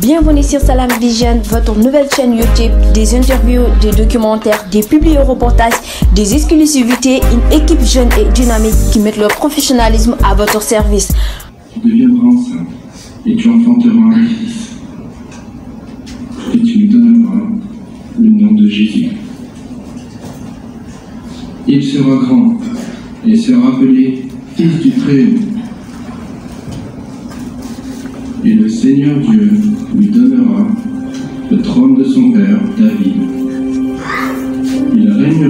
Bienvenue sur Salam Vision, votre nouvelle chaîne YouTube, des interviews, de documentaires, des publi des exclusivités, une équipe jeune et dynamique qui met leur professionnalisme à votre service. Tu deviendras enceinte et tu enfanteras un fils. Et tu lui donneras le nom de Jésus. Il sera grand et sera appelé Fils du Très-Haut. Et le Seigneur Dieu lui donnera le trône de son père, David. Euh, ñu ngi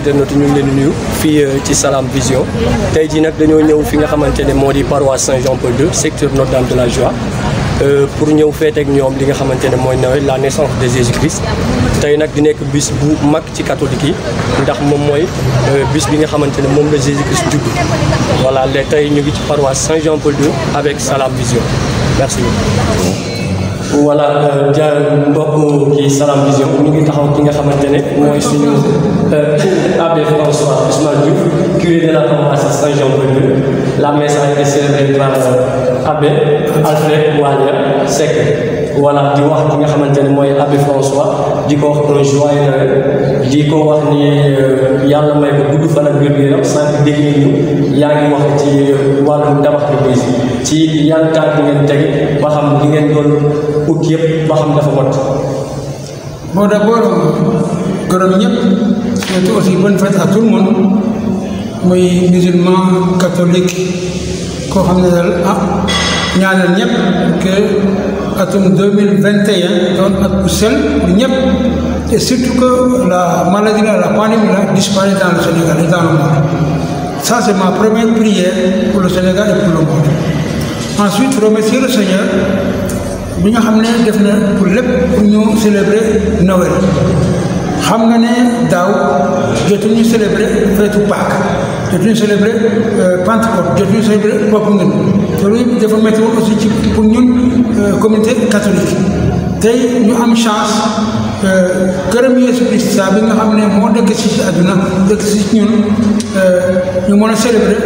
leen di nuyu fii euh, ci salaam Vision tey jii nag dañoo ñëw fi nga xamante ne moo di paroisse Saint-Jean-Paul II secteur Notre-Dame de la Joie euh, pour ñëw feeteek ñoom li nga xamante ne mooy nawet la naissance de Jésus-Christ tey nag di nekk bis bu mag ci catholique yi ndax moom mooy euh, bis bi nga xamante ne moom la Jésus Christ judd voilà léegi tey ñu ngi ci paroisse Saint-Jean Paul II avec Salam Vision merci beaucoup. voilà euh, jaar mbokk ci Salam Vision ñu ngi taxaw ki nga xamante ne mooy suñu euh, abbé François Ousmane Diouf curé de la paroisse Saint-Jean Paul II la messe a été célébrée par abbé Alfred Walia Seck voilà di wax ki nga xamante ne mooy abbé François di ko wax un joyeux Noël di ko wax ni euh, yàlla may ko gudd fan ak wér gu yaram sànq dégg yaa ngi wax ci euh, wàllum tabax bi bés ci yan tànk ngeen teg ba xam li ngeen doon ut yëpp ba xam dafa mot. bon d'abord gërëm ñëpp surtout aussi bonne fête à tout le monde muy xam ne daal ah. ñaanal ñëpp que atum 2021 doon at bu sell pour ñëpp et surtout que la maladie là la pandémie là disparaît dans le Sénégal et dans le monde ça c'est ma première Sénégal et pour le monde ensuite remercier le Seigneur bi nga xam ne def na pour lépp pour ñu célébrer Noël xam nga ne daaw jotuñu célébrer feetu Pâques jotuñu célébré euh, Pentecôte jotuñu célébré bopp ngeen te loolu dafa métti woon ci pour ñun euh, communauté catholique tey ñu am chance këram euh, Yeesu Christ saa bi nga xam ne moo dëkk si si àdduna dëkk si ñun ñu mën a célébré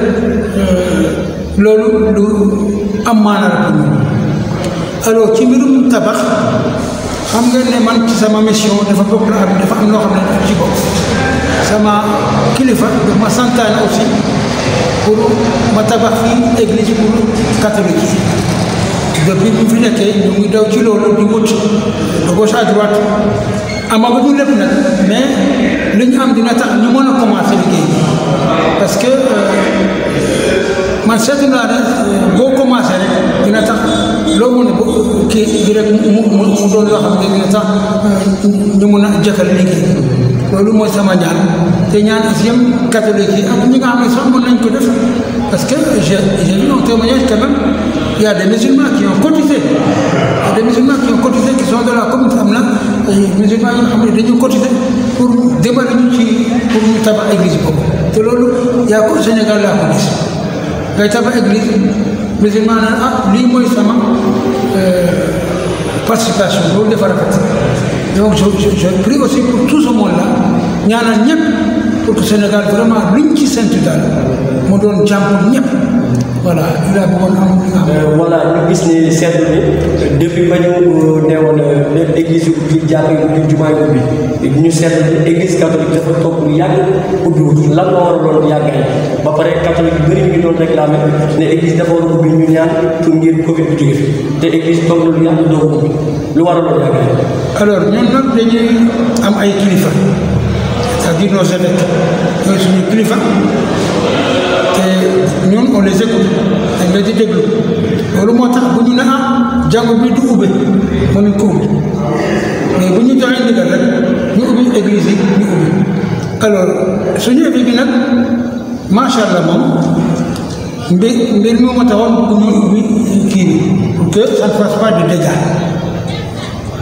loolu lu am maanaam pour ci mbirum tabax xam nga ne man ci sama mission dafa bokk am dafa am loo xam ne ci bopp sama kilifa daf ma santaane aussi pour ma tabax fii église pour catholique yi fi nekkee ñu ngi daw ci loolu di wut de gauche à droite amaguñu lépp nag mais li ñu am dina tax ñu mën a commencé liggéey parce que euh, man seetlu naa ne euh, boo commencé rek dina tax loo mën tukki bi rek mu mu mu doon loo xam ne sax euh, ñu mun a jëkkal liggéey loolu mooy sama ñaan te ñaan aussi yëpp catholique yi ak ñi nga xam ne sax mën nañ ko def parce que j'ai j'ai vu un témoignage quand même il y a des musulmans qui ont cotisé il y a des musulmans qui ont cotisé qui sont de la communauté am na musulmans yi nga xam ne dañu cotisé pour dimbali ñu ci te loolu yaa ko Sénégal laa ko gis ngay tabax église. musulman naan ah lii mooy sama euh, participation loolu dafa rafet donc je je prie aussi pour tout ce monde là ñaanal ñëpp pour que Sénégal vraiment luñ ci séntu daal mu doon jàmm ñëpp. voilà Irak moom amul li nga xam. voilà ba ñu euh, newoon lépp euh, église yu ñu jàpp yu jumaa yi ubbi ñu seetlu ne église catholique dafa toog lu yàgg ubbiwut lan moo war a loolu yàggaay ba pare catholique yu bëri ñu doon réclamé ne église dafa war a ubbi ñu ñaan pour ngir Covid bi te église toog lu yàgg doo ubbi lu war a loolu yàggaay. alors ñun nag dañuy am ay kilifa c'est-à-dire nos évêques ñooy suñu kilifa. te ñun on les écoute dañ leen di déglu loolu moo tax bu ñu ne ah, jàngu bi du ubbe mënuñ ko ubbi bu ñu joxee ndigal ñu ubbi église ñu ubbi alors suñu équipe bi nag macha allah moom mbir taxoon pour ñu ubbi kii pour que ça ne fasse pas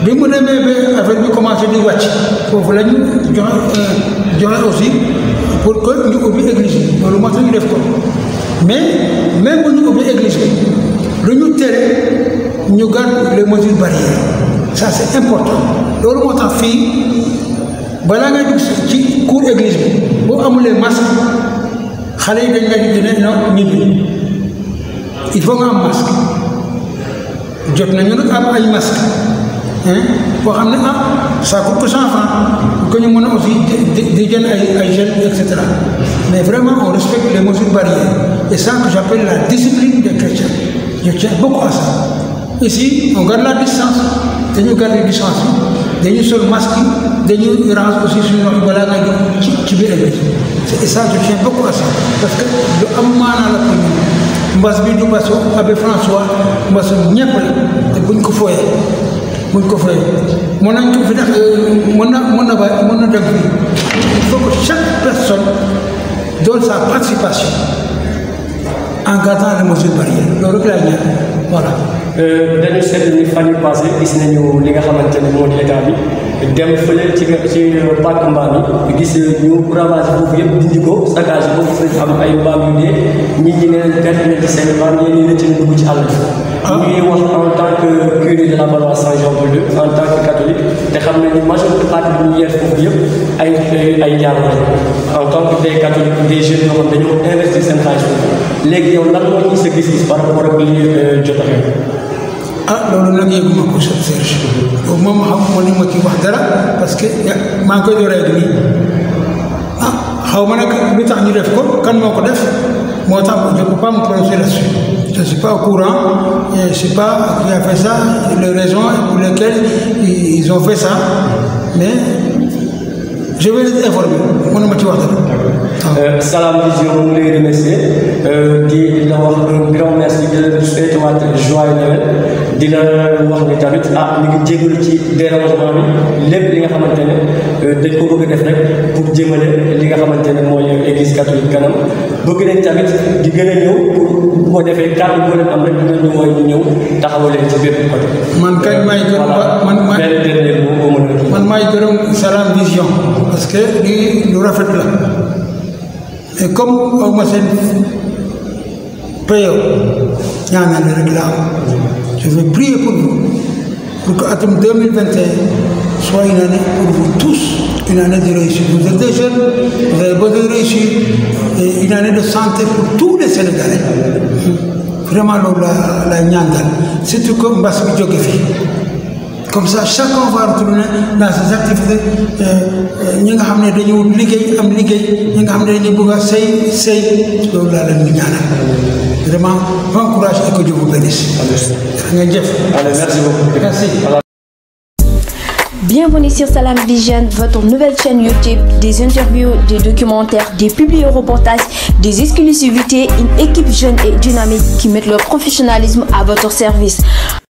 bi mu demee ba affaire bi commencé di wàcc foofu la joxe euh, joxe aussi pour que ñu ubbi église loolu moo tax ñu def ko mais mais bu ñu ubbi église bi lu ñu tere ñu gàddu les mesures barrières ça c'est important loolu moo tax fii balaa ngay dugg ci cour église bi boo amulee masque xale yi dañ lay dina no ñibbi il faut nga am masque jot nañu nag am ay masque boo xam ne ah ça coûte que cent francs que ñu mën a aussi di jël et cetera mais vraiment o respecte les mesures barrières et ça que j'appelle la discipline des chrétiens je tiens beaucoup à ça ici on garde la distance dañu garder distance yi dañu sol masque yi dañu range aussi suñu wax balaa ngay jóg ci ci biir église et ça je tiens beaucoup à ça parce que lu am maanaa la pour ñun mbas bi du basu abbé François mbasu ñëpp la te ko fooyee buñ ko fay mën nañ ko euh, na mën na bàyyi mën na chaque personne donne sa participation en gardant les mesures barrières loolu rek laay ñaan voilà. Euh, dañu seetlu ni fan yu passé gis nañu li nga xamante ne moo di état bi dem fële ci ci parc mbaam yi gis ñu ravage foofu yëpp dindi ko saccage boobu am ay mbaam yu dee nit ñi ne leen na ci seen mbaam yéen ñi ci dugg ci àll bi. muy wax en tant que curé de la paroisse Saint-Jean-Paul II en tant que catholique te xam nañ ni majorité partie bi ñu yees foofu yëpp ay ay jaar en tant que des catholiques des jeunes yoo xam dañoo investir seen xaalis foofu léegi yow lan moo ci sa gis-gis par rapport ak li euh, jot a xew ah loolu nag yëguma ko sëñ Serge boobu moom xamuma ni ma ci wax dara parce que maa ngi koy dooree ak nii ah xaw ma nag lu tax ñu def ko kan moo ko def moo tax je ne peux pas me prononcer là pas courant, je pas qui a fait ça, les raisons pour lesquelles ils ont fait ça, mais je vais les informer ma ci wax dara. Salam Vision mu ngi lay di la wax di la remercier di la souhaitewaat joyeux Noël di la wax ni tamit ah mi ngi jégalu ci dérangement bi lépp li nga xamante ne euh, dañ ko bëgg a def rek li nga xamante ne mooy église catholique kanam bu nañ tamit di gën a ñëw pour bu ko defee kàddu bu leen am rek ñu mooy ñu ñëw taxawal leen ci bépp côté. man kañ maay gërëm man maay gërëm Vision. parce que lii rafet la mais comme aw ma seen payow ñaanal rek laa je vais prier pour vous pour que atum 2021 soit une année pour vous tous une année de réussite vous êtes des jeunes vous avez besoin de réussite et une les Sénégalais loolu la la ñaan daal surtout mbas bi jóge fii comme ça chacun va retourner dans ses activités euh, euh, ñi nga xam ne dañu wut liggéey am liggéey ñi nga xam ne dañu bëgg a sëy sëy loolu laa leen di ñaanal vraiment bon courage et que Dieu vous bénisse. Allez, merci beaucoup. Merci. Bienvenue sur Salam Vision, votre nouvelle chaîne YouTube, des interviews, des documentaires, des publi-reportages, des exclusivités, une équipe jeune et dynamique qui met leur professionnalisme à votre service.